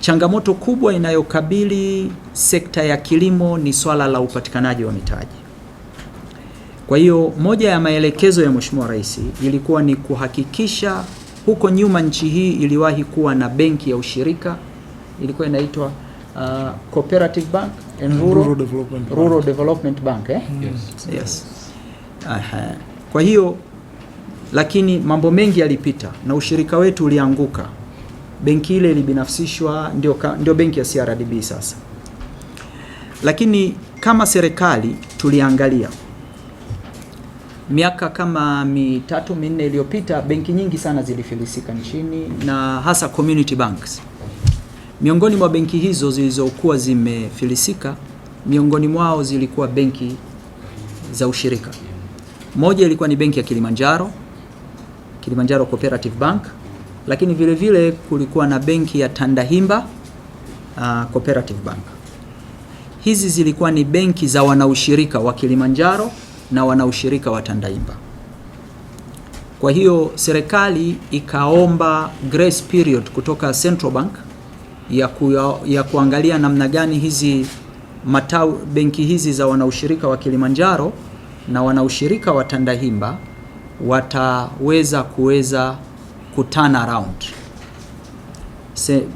Changamoto kubwa inayokabili sekta ya kilimo ni swala la upatikanaji wa mitaji. Kwa hiyo moja ya maelekezo ya Mheshimiwa Rais ilikuwa ni kuhakikisha, huko nyuma nchi hii iliwahi kuwa na benki ya ushirika, ilikuwa inaitwa uh, Cooperative Bank and mm, Rural, Rural Development Bank, Rural Development Bank eh? Yes. Mm. Yes. Aha. Kwa hiyo lakini mambo mengi yalipita na ushirika wetu ulianguka benki ile ilibinafsishwa, ndio, ndio benki ya CRDB sasa. Lakini kama serikali tuliangalia miaka kama mitatu minne iliyopita, benki nyingi sana zilifilisika nchini na hasa community banks. Miongoni mwa benki hizo zilizokuwa zimefilisika, miongoni mwao zilikuwa benki za ushirika. Moja ilikuwa ni benki ya Kilimanjaro, Kilimanjaro Cooperative Bank lakini vile vile kulikuwa na benki ya Tandahimba uh, Cooperative Bank. Hizi zilikuwa ni benki za wanaushirika wa Kilimanjaro na wanaushirika wa Tandahimba. Kwa hiyo serikali ikaomba grace period kutoka Central Bank ya, kuya, ya kuangalia namna gani hizi matau benki hizi za wanaushirika wa Kilimanjaro na wanaushirika wa Tandahimba wataweza kuweza ku turn around.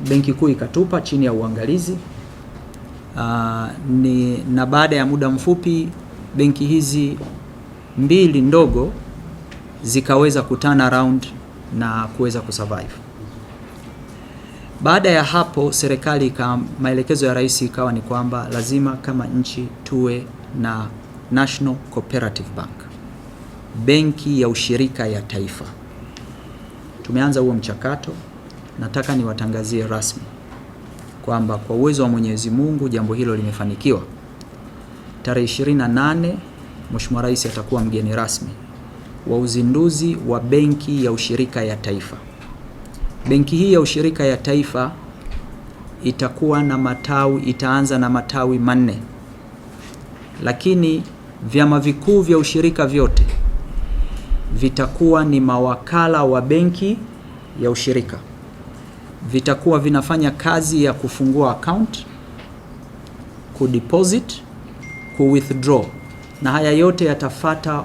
Benki Kuu ikatupa chini ya uangalizi uh, ni, na baada ya muda mfupi benki hizi mbili ndogo zikaweza ku turn around na kuweza kusurvive. Baada ya hapo serikali ka maelekezo ya rais ikawa ni kwamba lazima kama nchi tuwe na National Cooperative Bank, benki ya ushirika ya taifa. Tumeanza huo mchakato. Nataka niwatangazie rasmi kwamba kwa uwezo wa Mwenyezi Mungu jambo hilo limefanikiwa. Tarehe 28 Mheshimiwa Rais atakuwa mgeni rasmi wa uzinduzi wa benki ya ushirika ya taifa. Benki hii ya ushirika ya taifa itakuwa na matawi, itaanza na matawi manne, lakini vyama vikuu vya ushirika vyote vitakuwa ni mawakala wa benki ya ushirika, vitakuwa vinafanya kazi ya kufungua account, kudeposit, kuwithdraw na haya yote yatafata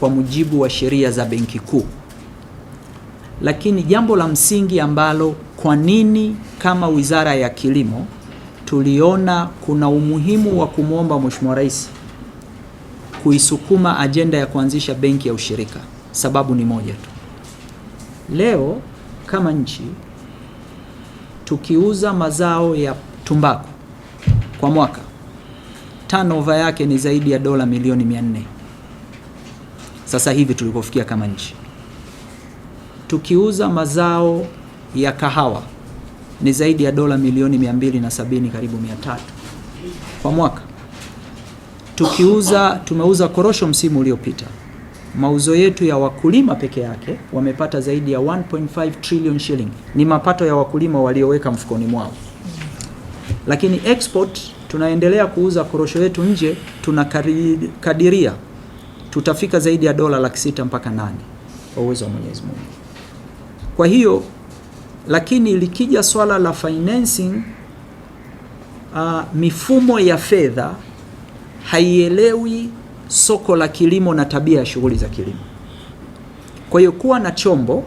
kwa mujibu wa sheria za benki kuu. Lakini jambo la msingi ambalo kwa nini kama Wizara ya Kilimo tuliona kuna umuhimu wa kumwomba Mheshimiwa Rais kuisukuma ajenda ya kuanzisha benki ya ushirika. Sababu ni moja tu. Leo kama nchi tukiuza mazao ya tumbaku kwa mwaka tanova yake ni zaidi ya dola milioni 400 sasa hivi tulipofikia kama nchi. Tukiuza mazao ya kahawa ni zaidi ya dola milioni 270 karibu 300 kwa mwaka tukiuza, tumeuza korosho msimu uliopita, mauzo yetu ya wakulima peke yake wamepata zaidi ya 1.5 trillion shilling, ni mapato ya wakulima walioweka mfukoni mwao. Lakini export tunaendelea kuuza korosho yetu nje, tunakadiria tutafika zaidi ya dola laki sita mpaka nane kwa uwezo wa Mwenyezi Mungu. Kwa hiyo lakini likija swala la financing, uh, mifumo ya fedha haielewi soko la kilimo na tabia ya shughuli za kilimo. Kwa hiyo kuwa na chombo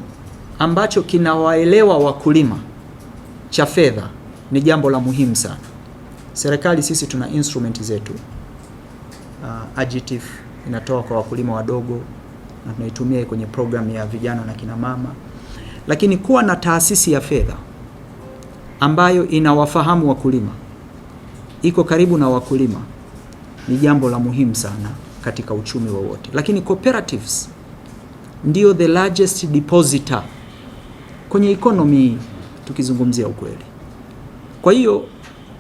ambacho kinawaelewa wakulima cha fedha ni jambo la muhimu sana. Serikali sisi tuna instrument zetu. Uh, AGITF inatoa kwa wakulima wadogo na tunaitumia kwenye programu ya vijana na kina mama, lakini kuwa na taasisi ya fedha ambayo inawafahamu wakulima, iko karibu na wakulima ni jambo la muhimu sana katika uchumi wowote, lakini cooperatives ndio the largest depositor kwenye economy tukizungumzia ukweli. Kwa hiyo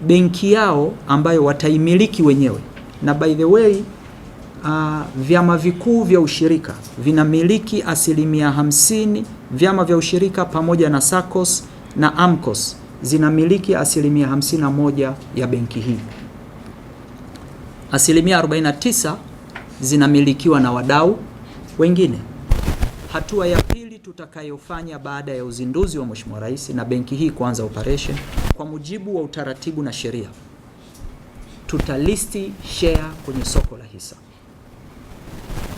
benki yao ambayo wataimiliki wenyewe, na by the way uh, vyama vikuu vya ushirika vinamiliki asilimia hamsini, vyama vya ushirika pamoja na SACCOS na AMCOS zinamiliki asilimia hamsini na moja ya benki hii asilimia 49 zinamilikiwa na wadau wengine. Hatua ya pili tutakayofanya baada ya uzinduzi wa Mheshimiwa Rais na benki hii kuanza operation kwa mujibu wa utaratibu na sheria tutalisti share kwenye soko la hisa.